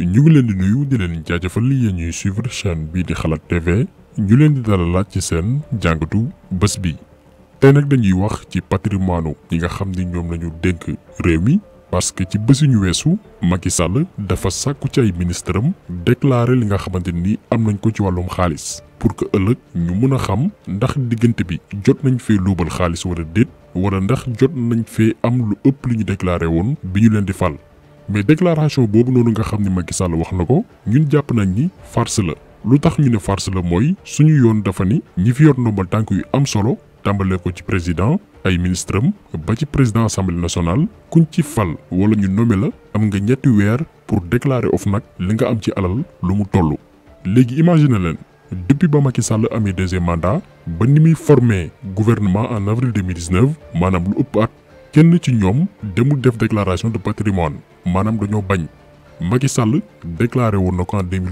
ñu ngi leen di nuyu di leen jaajëfal yéen ñuy suivre chaîne bii di xalaat tv ñu leen di dalalaat ci seen jàngatu bés bi tey nag dañuy wax ci patrimoine yi nga xam ni ñoom lañu dénk réew mi parce que ci bési ñu weesu Macky Sall dafa sàkku ci ay ministre am déclaré li nga xamante ni am nañ ko ci wàllum xaalis pour que ëllëg ñu mën a xam ndax diggante bi jot nañ fee luubal xaalis wala déet wala ndax jot nañ fee am lu ëpp li ñu déclaré woon bi ñu leen di fal mais déclaration boobu noonu nga xam ni Macky Sall wax na ko ñun jàpp nañ ni farce la lu tax ñu ne farce la mooy suñu yoon dafa ni ñi fi yor ndombal tànk yu am solo tàmbalee ko ci président ay ministre am ba ci président assemblée nationale kuñ ci fal wala ñu nommé la am nga ñetti weer pour déclarer OFNAC li nga am ci alal lu mu toll. léegi imagine leen depuis ba Macky Sall amee deuxième mandat ba ni muy formé gouvernement en avril 2019 maanaam lu ëpp at kenn ci ñoom demul def déclaration de patrimoine maanaam dañoo bañ Macky Sall déclaré woon na ko en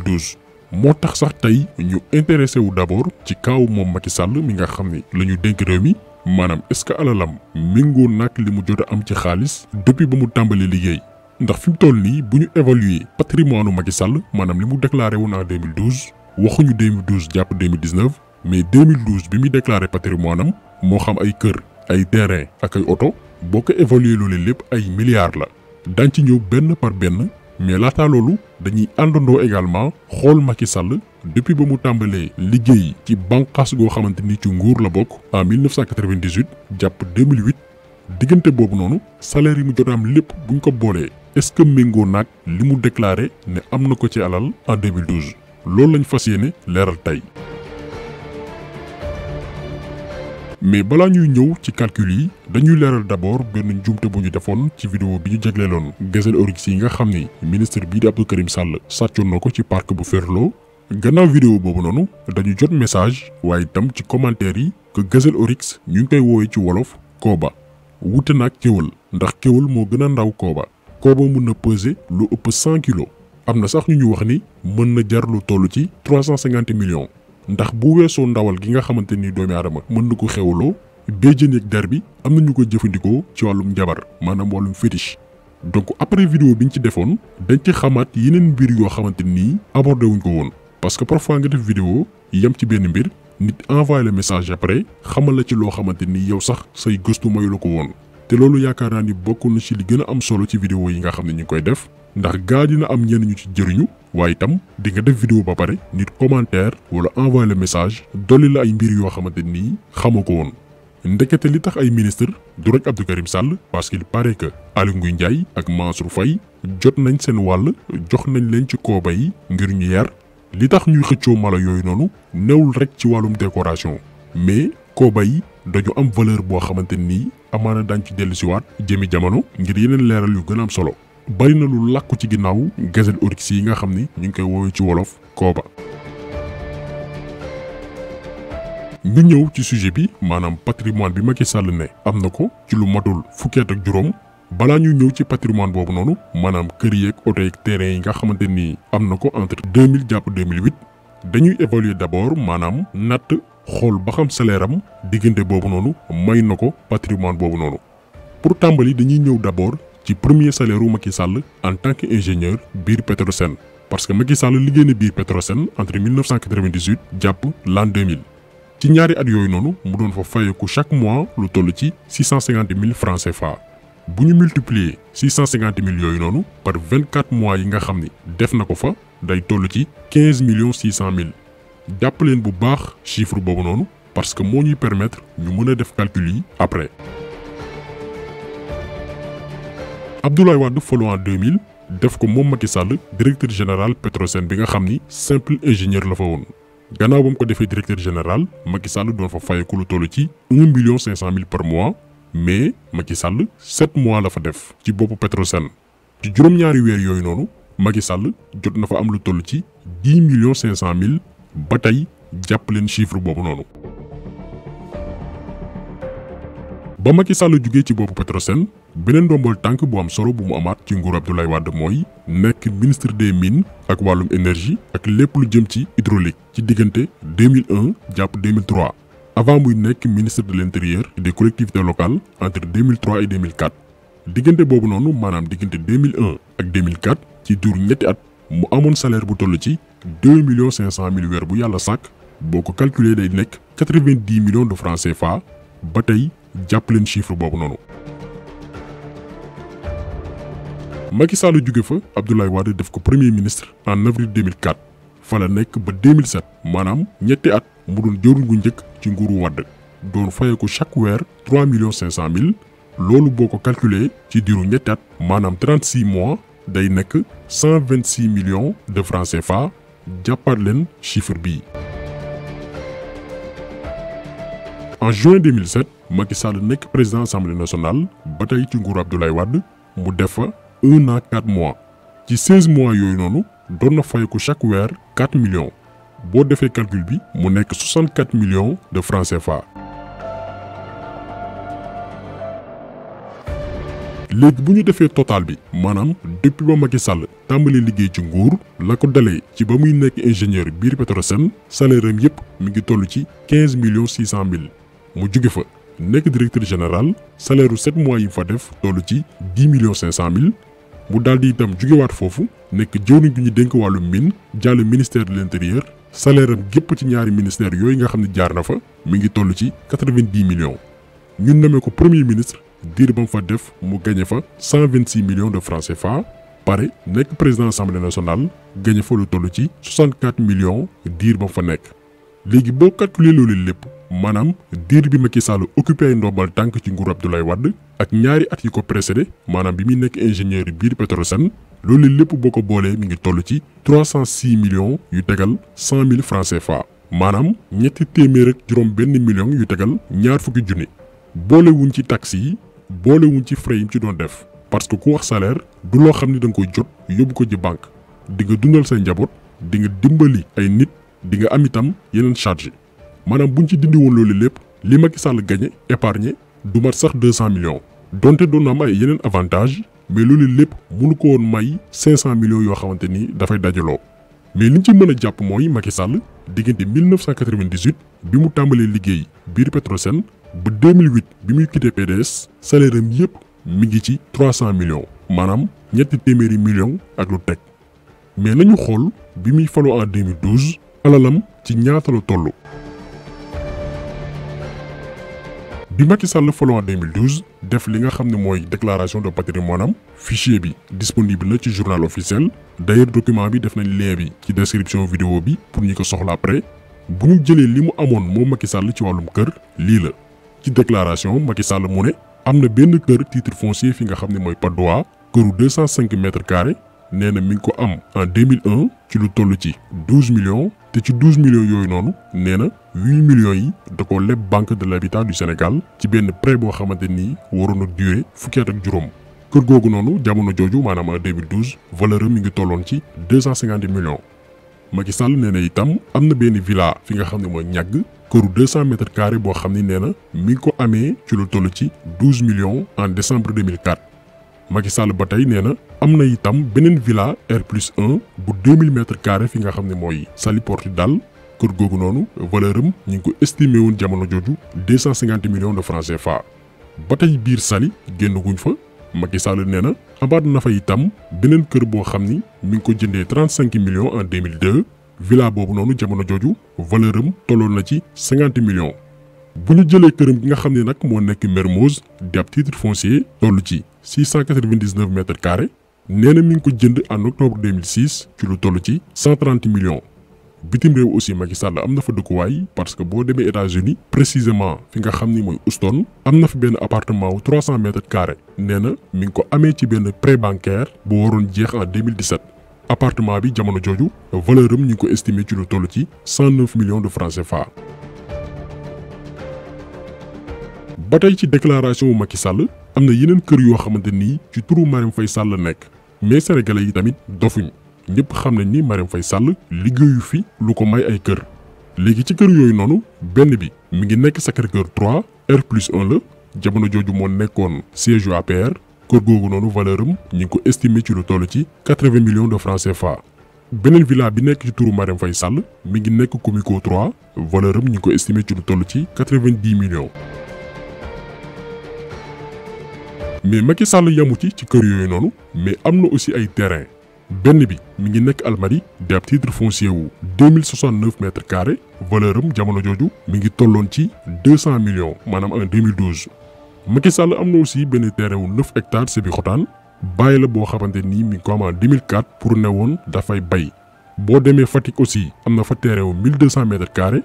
moo tax sax tey ñu intéressé wu d'abord ci kaaw moom Macky Sall mi nga xam ne la ñu dénk réew mi maanaam est-ce que alalam méngoo nag li mu jot a am ci xaalis depuis ba mu tàmbalee liggéey ndax fi mu toll nii bu ñu évaluer patrimoine u Macky Sall maanaam li mu déclaré woon en 2012 waxuñu 2012 jàpp 2019 mais 2012 bi muy déclaré patrimoine am moo xam ay kër ay terrain ak ay oto boo ko évaluer loolee lépp ay milliards la dañ ci ñëw benn par benn mais laata loolu dañuy àndandoo également xool Macky Sall depuis ba mu tàmbalee liggéey ci bànqaas goo xamante ni ci nguur la bokk en 1998 jàpp 2008 diggante boobu noonu salaire yi mu jot am lépp bu ñu ko boolee est-ce que méngoo naag li mu déclaré ne am na ko ci alal en 2012 loolu lañ fas yéene leeral tey. mais balaa ñuy ñëw ci calcul yi dañuy leeral d'abord benn njuumte bu ñu defoon ci vidéo bi ñu jagleeloon gazelle oryx yi nga xam ni ministre bii di Abdou Karim Sall sàccoon na ko ci parc bu Ferlo gannaaw vidéo boobu noonu dañu jot message waaye itam ci commentaire yi que gazelle oryx ñu ngi koy woowee ci wolof kooba wute naag kéwal ndax kéwal moo gën a ndaw kooba kooba mun na peser lu ëpp 100 kilos am na sax ñu ñu wax ni mën na jar lu tollu ci 350 millions ndax bu weesoo ndawal gi nga xamante ni doomi aadama mën na ko xewloo béjjën ak der bi am na ñu ko jëfandikoo ci wàllum jabar maanaam wàllum fétiche donc après vidéo bi ñu ci defoon dañ ci xamaat yeneen mbir yoo xamante nii abordé wuñ ko woon parce que por parfois nga def vidéo yem ci benn mbir nit envoyé le message après xamal la ci loo xamante ni yow sax say gëstu mayu la ko woon te loolu yaakaar naa ni bokk na ci li gën a am solo ci vidéo yi nga xam ne ñu koy def ndax gaa dina am ñenn ñu ci jëriñu waaye itam di nga def vidéo ba pare nit commentaire wala envoyé message dolli la ay mbir yoo xamante nii xamoo ko woon ndekete li tax ay ministre du rek Abdou Karim Sall parce qu'il paraît que Aly Ngouille ak Mansour Faye jot nañ seen wàll jox nañ leen ci kooba yi ngir ñu yar li tax ñuy xëccoo mala yooyu noonu newul rek ci wàllum décoration mais kooba yi dañu am valeur boo xamante nii amaana daañ ci dellusiwaat jëmi jamono ngir yeneen leeral yu gën am solo bari na lu làkku ci ginnaaw gazelle oryx yi nga xam ni ñu ngi koy woowee ci wolof kooba. ñu ñëw ci sujet bi maanaam patrimoine bi ma Macky Sall ne am na ko ci lu matul fukki ak juróom balaa ñu ñëw ci patrimoine boobu noonu maanaam kër yeeg oto yeeg terrain yi nga xamante ni am na ko entre 2000 jàpp 2008 dañuy évaluer d'abord maanaam natt xool ba xam salaire am diggante boobu noonu may na ko patrimoine boobu noonu. pour tàmbali dañuy ñëw d'abord ci premier salaire u Macky Sall en tant qu'ingénieur, Bir Petrosen parce que Macky Sall liggéey bir Petrosen entre 1998 et l'an 2000 ci ñaari at yoy mu fa chaque mois lu ci 650 000 francs CFA bu ñu multiplier 650 000 yooyu par 24 mois yi nga xamni def n'ako fa day toll ci 15 millions 600 000. jàpp leen bu baax chiffre bobu parce que mo ñuy permettre ñu mëna def calcul yi après. Abdoulaye Wade follow en 2000 def ko moom Macky Sall directeur général Petrosen bi nga xamni simple ingénieur la fa won. gannaaw ba ko defé directeur général Macky Sall do fa fayé ko lu tollu ci un million cinq cent par mois mais Macky Sall 7 mois la fa def ci boppu Petrosen ci juroom ñaari weer yoy noonu Macky Sall jot na fa am lu tollu ci dix millions cinq cent mille ba tey chiffre boobu noonu. ba Macky Sall jugee ci boobu Petrosen beneen ndombol tànk bu am solo bu mu amaat ci nguur Abdoulaye Wade mooy nekk ministre des mines ak wàllum énergie ak lépp lu jëm ci hydraulique ci diggante 2001 jàpp 2003 avant muy nekk ministre de l'intérieur et des collectivités locales entre 2003 et 2004 diggante boobu noonu maanaam diggante 2001 ak 2004 ci jur ñetti at mu amoon salaire bu toll ci 2 millions 500 mille weer bu yàlla sàkk boo ko calculer day nekk 90 millions de francs CFA ba tey jàpp leen chiffre boobu noonu. Macky Sall jóge fa Abdoulaye Wade def ko premier ministre en avril 2004 fa la nekk ba 2007 maanaam ñetti at mu doon jëwriñ gu njëkk ci nguuru Wade doon fayee ko chaque weer 3 millions 500 mille loolu boo ko calculé ci diiru ñetti at maanaam 36 mois day nekk 126 millions de francs CFA jàppaat leen chiffre bii. En juin 2007, Macky Sall président de l'Assemblée nationale, Bataille Tungour Abdoulaye Wad, Moudefa, 1 à 4 mois. Qui 16 mois, il y a eu chaque 4 millions. Si défait calcul, il y a 64 millions de francs CFA. Les bonnes total, manam depuis que Macky Sall, Ligue et Tungour, la Côte d'Alé, qui est ingénieur Biri Petrosen, salaire est 15 millions 600 000 mu jóge fa directeur général salaire 7 mois yi fa def ci 10 500 000. mu daldi di itam wat fofu nek gi ñu ministère de l'intérieur salaire am ci ñaari ministère yoy nga xamni jaar na fa mi ngi ci 90 millions ñun nommé ko premier ministre dir ba mu fa def mu fa 126 millions de francs CFA pare nek président assemblée nationale gagné fa lu ci 64 millions dir ba fa nek légui boo calculer lolé lépp maanaam diir bi Macky Sall occupé ay ndombal tànk ci nguur lay Wade ak ñaari at yi ko précédé maanaam bi muy nekk ingénieur biir Petrosen loolu lépp boo ko boolee mi ngi toll ci 306 millions yu tegal 100 000 francs CFA maanaam ñetti téeméer ak juróom benn million yu tegal ñaar fukki junni boolewuñ ci taxes yi boolewuñ ci frais yi ci doon def parce que ku wax salaire du loo xam ni da nga koy jot yóbbu ko ci banque di nga dundal say njaboot di nga dimbali ay nit di nga am itam yeneen charge manam buñ ci dindi won lolé lépp li Macky Sall gagné épargné du mat sax 200 millions donté do na may ay avantage mais lolé lépp mënu ko won may 500 millions yo xamante da fay dajaloo mais liñ ci mëna japp moy Macky Sall diggante 1998 bi mu tambalé liggéey biir Petrosen ba 2008 bi muy quitté PDS salaire yépp mi ngi ci 300 millions manam ñetti téeméeri millions ak lu teg mais nañu xol bi muy faloo en 2012 alalam ci ñaatalu tollu bi Macky Sall faloo en 2012 def li nga xam moy déclaration de patrimoine am fichier bi disponible dans ci journal officiel d'ailleurs document bi def nañ lien bi ci description vidéo bi pour ñi ko soxla après bu ñu jëlé li mu amoon moom Macky Sall ci walum kër li la ci déclaration Macky Sall mu ne amna benn kër titre foncier fi nga xam moy mooy Patte d'Oie 205 mètres carrés nee na mi ko am en 2001 ci lu toll ci 12 millions te ci 12 millions yooyu noonu nee 8 millions yi da banque de l'habitat du Sénégal ci benn prêt boo xamante ni waroon a durer fukki at ak juróom. kër googu noonu jamono en 2012 valeur am mi ngi tolloon ci 250 millions. Macky Sall nee na itam am benn villa fi nga xam ne mooy ñàgg 200 mètres carrés boo xam ni nee ko ci lu ci 12 millions en décembre 2004. Macky Sall ba tey am na itam beneen villa R plus bu 2000 mètres carrés fi nga xam ne mooy Saly Portudal kër googu noonu valeur am ñu ngi ko estimé woon jamono jooju 250 millions de francs CFA. ba tey biir Saly génn guñ fa Macky Sall nee na abaat na fa itam beneen kër boo xam ni mi ngi ko jëndee 35 millions en 2002 villa boobu noonu jamono jooju valeur am tolloon na ci 50 millions. bu ñu jëlee këram gi nga xam ne nag moo nekk Mermoz di ab titre foncier toll ci 699 mètres nee na mi ngi ko jënd en octobre 2006 ci lu toll ci 130 millions bitim réew aussi Macky Sall am na fa dëkkuwaay parce que boo demee États-Unis précisément fi nga xam ni mooy Houston am na fi benn appartement wu 300 mètres carrés nee na mi ngi ko amee ci benn prêt bancaire bu waroon jeex en 2017 appartement bi jamono jooju valeur am ñu ngi ko estimé ci lu toll ci 109 millions de francs CFA. ba tey ci déclaration wu ci sàll am na yeneen kër yoo xamante ni ci turu Marème Faye Sall nekk mais sénégalais yi tamit dofuñ ñëpp xam nañ ni Marème fay sàll liggéeyu fi lu ko may ay kër. léegi ci kër yooyu noonu benn bi mu ngi nekk Sacré-Cœur 3 R plus 1 la jamono jooju moo nekkoon siège yu APR kër googu noonu valeur am ñi ngi ko estimé ci lu toll ci 80 millions de francs CFA. beneen villa bi nekk ci turu Marème Faye sàll mi ngi nekk Comico 3 valeur am ñi ngi ko estimé ci lu toll ci 90 millions. mais Macky Sall yamu ci ci keur yooyu mais amno aussi ay terrain benn bi mi ngi almari Almadi di titre foncier wu 2069 mètres carrés valeur jamono joju mi ngi ci 200 millions manam en 2012. Macky Sall am aussi benn terrain wu 9 hectares c'est bàyyi la boo xamante ni mi ko pour newone da fay bay bo demee Fatick aussi amna fa terrain wu 1200 mètres carrés.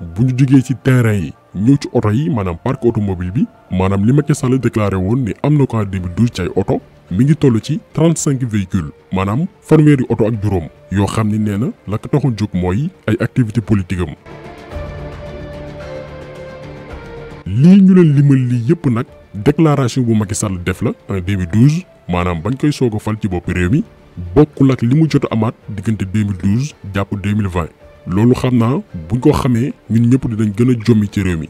bu ñu jugee ci terrain yi ñëw ci oto yi maanaam parc automobile bi maanaam li ma Macky Sall déclaré woon ni am na ko en 2012 ci ay oto mi ngi toll ci 35 véhicules maanaam fanweeri oto ak juróom yoo xam ni nee na la ko taxul jóg mooy ay activité politique am lii ñu leen limal lii yëpp nag déclaration bu Macky Sall def la en 2012 maanaam bañ koy soog fal ci bopp réew mi bokkul ak li mu jot amaat diggante 2012 jàpp 2020 loolu xam naa buñ ko xamee ñun ñëpp dinañ gën a jommi ci réew mi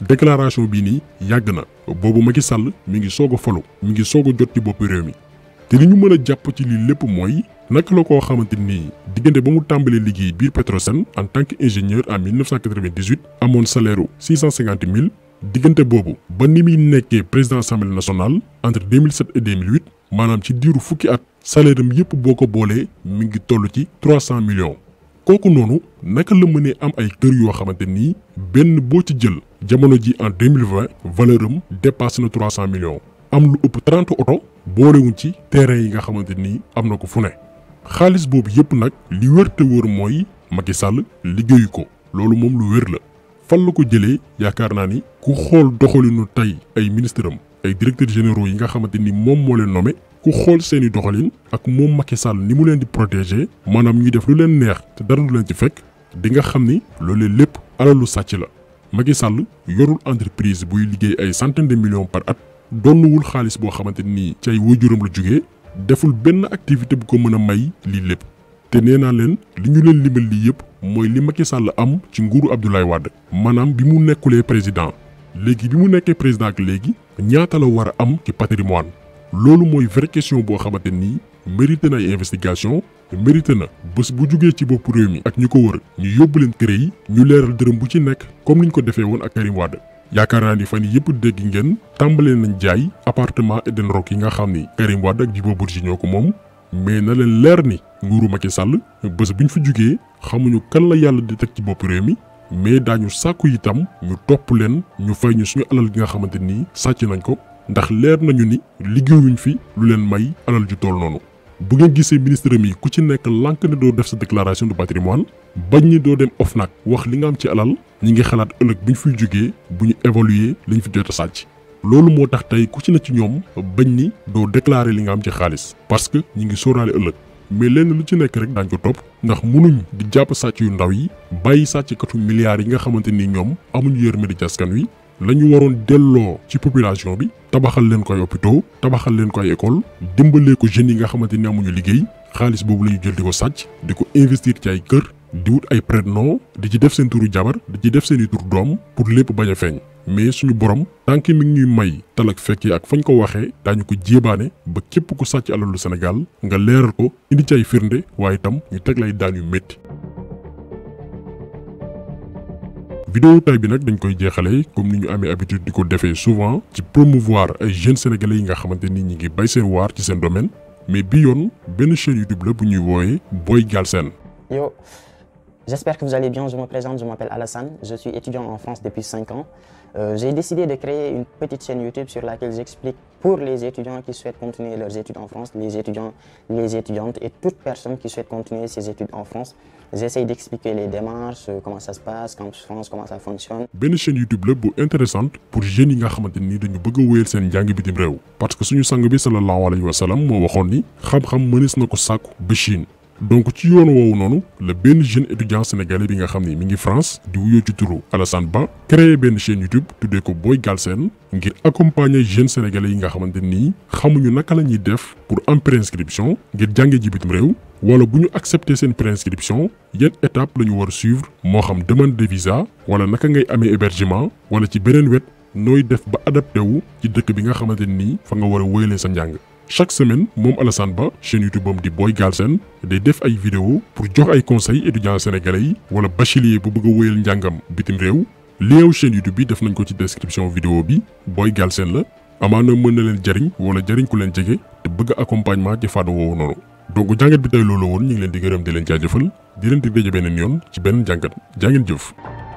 déclaration bii nii yàgg na boobu Macky Sall mi ngi soog a falu mi ngi soog a jot ci boppi réew mi te li ñu mën a jàpp ci lii lépp mooy naka la koo xamante ni diggante ba mu tàmbalee liggéey biir Petrosen en tant que ingénieur en 1998 amoon salaire u 650 000 diggante boobu ba ni muy nekkee président assemblée nationale entre 2007 et 2008 maanaam ci diiru fukki at salaire yëpp boo ko boolee mi ngi toll ci 300 millions. kooku noonu naka la mënee am ay kër yoo xamante nii benn boo ci jël jamono ji en 2020 valeur am dépassé na 300 millions am lu ëpp 30 oto boolewuñ ci terrain yi nga xamante nii am na ko fu ne xaalis boobu yëpp nag li wér te wóor mooy Macky Sall liggéeyu ko loolu moom lu wér la fan la ko jëlee yaakaar naa ni ku xool doxalinu tey ay ministre am ay directeurs généraux yi nga xamante ni moom moo leen nommé ku xool seeni i doxalin ak moom Macky Sall ni mu leen di protéger maanaam ñuy def lu leen neex te dara du leen ci fekk di nga xam ni loolee alalu sàcc la Macky Sall yorul entreprise buy liggéey ay de millions par at donnuwul xaalis boo xamante ni ci ay wajuram la deful benn activité bu ko mën a may lii lépp te nee naa li ñu leen limal lii yëpp mooy li Macky Sall am ci nguuru Abdoulaye Wade maanaam bi mu nekkulee président léegi bi mu nekkee président ak léegi ñaata la war am ci patrimoine loolu mooy vraie question boo xamante nii mérité na ay investigation mérité na bés bu jógee ci bopp réew mi ak ñi ko wër ñu yóbbu leen kër yi ñu leeral dërëm bu ci nekk comme ñu ko defee woon ak Karim Wade yaakaar naa ni fan ni yëpp dégg ngeen tàmbalee nañ jaay appartement Eden Rock yi nga xam ni Karim Wade ak Djibo Bourgi ñoo ko moom mais na leen leer ni nguuru Macky sàll bés bi ñu fa jugee xamuñu kan la yàlla di teg ci bopp réew mi mais daañu sàkku itam ñu topp leen ñu fay suñu alal gi nga xamante ni sàcc nañ ko ndax leer nañu ni liggéeyuñ fi lu leen may alal ju tol noonu bu ngeen gisee ministre mi ku ci nekk lànk ne doo def sa déclaration de patrimoine bañ ni doo dem OFNAC wax li nga am ci alal ñi ngi xalaat ëllëg bu ñu fiy jógee bu ñu évaluer lañ fi jot a sàcc loolu moo tax tey ku ci ne ci ñoom bañ ni doo déclarer li nga am ci xaalis parce que ñi ngi sóoraale ëllëg mais lenn lu ci nekk rek daañ ko topp ndax mënuñ di jàpp sàcc yu ndaw yi bàyyi sàcckatu milliards yi nga xamante ni ñoom amuñu yërmande ci askan wi la ñu waroon delloo ci population bi tabaxal leen koy hôpitaux tabaxal leen koy école dimbalee ko jeunes yi nga xamante ni amuñu liggéey xaalis boobu la ñu jël di ko sàcc di ko investir ci ay kër di wut ay prête di ci def seen turu jabar di ci def seen i turu doom pour lépp bañ a feeñ mais suñu borom tànk mi ngi ñuy may talak fekkee ak fañ ko waxee daañu ko jéebaane ba képp ku sàcc alalu Sénégal nga leeral ko indi ci ay firnde waaye itam ñu teg lay daan yu métti vidéo tay bi nak dañ koy jéxalé comme niñu amé habitude diko défé souvent ci promouvoir ay jeunes sénégalais yi nga xamante ni ñi ngi bay seen war ci seen domaine mais bi yoon benn chaîne YouTube la bu ñuy woyé Boy Galsen. yo J'espère que vous allez bien. Je me présente, je m'appelle Alassane. Je suis étudiant en France depuis 5 ans. Euh, j'ai décidé de créer une petite chaîne YouTube sur laquelle j'explique pour les étudiants qui souhaitent continuer leurs études en France, les étudiants, les étudiantes et toute personne qui souhaite continuer ses études en France. J'essaie d'expliquer les démarches, euh, comment ça se passe, Campus France, comment ça fonctionne. Une chaîne YouTube intéressante pour parce que si nous sommes en train de faire des choses, donc ci yoon woowu nonu le ben jeune étudiant sénégalais bi nga xam mi ngi France di wuyoo ci turu Alassane Ba créé ben chaîne YouTube tudé ko Boy Galsen ngir accompagner jeunes sénégalais yi nga xamante xamuñu naka lañuy def pour am préinscription ngir jànge ji bitim réew wala buñu accepter sen préinscription yan étape la war suivre mo xam demande de visa wala naka ngay amé hébergement wala ci benen wet noy def ba adapté wu ci dëkk bi nga xamante fa nga wara a sa njàng chaque semaine Mom Alassane Ba chaîne YouTube am di Boy Galsen day def ay vidéo pour jox ay conseils étudiants sénégalais wala bachelier bu bëgg a wéyal njàngam bitim réew lien chaîne YouTube bi def nañ ko ci description vidéo bi Boy Galsen la amana mën na leen jariñ wala jariñ ku leen jege te bëgg accompagnement ci fànn woowu noonu donc jàngat bi tay lolo won ñu ngi leen di gërëm di leen jaajëfal di leen di daje beneen yoon ci benn jàngat jaa ngeen jëf.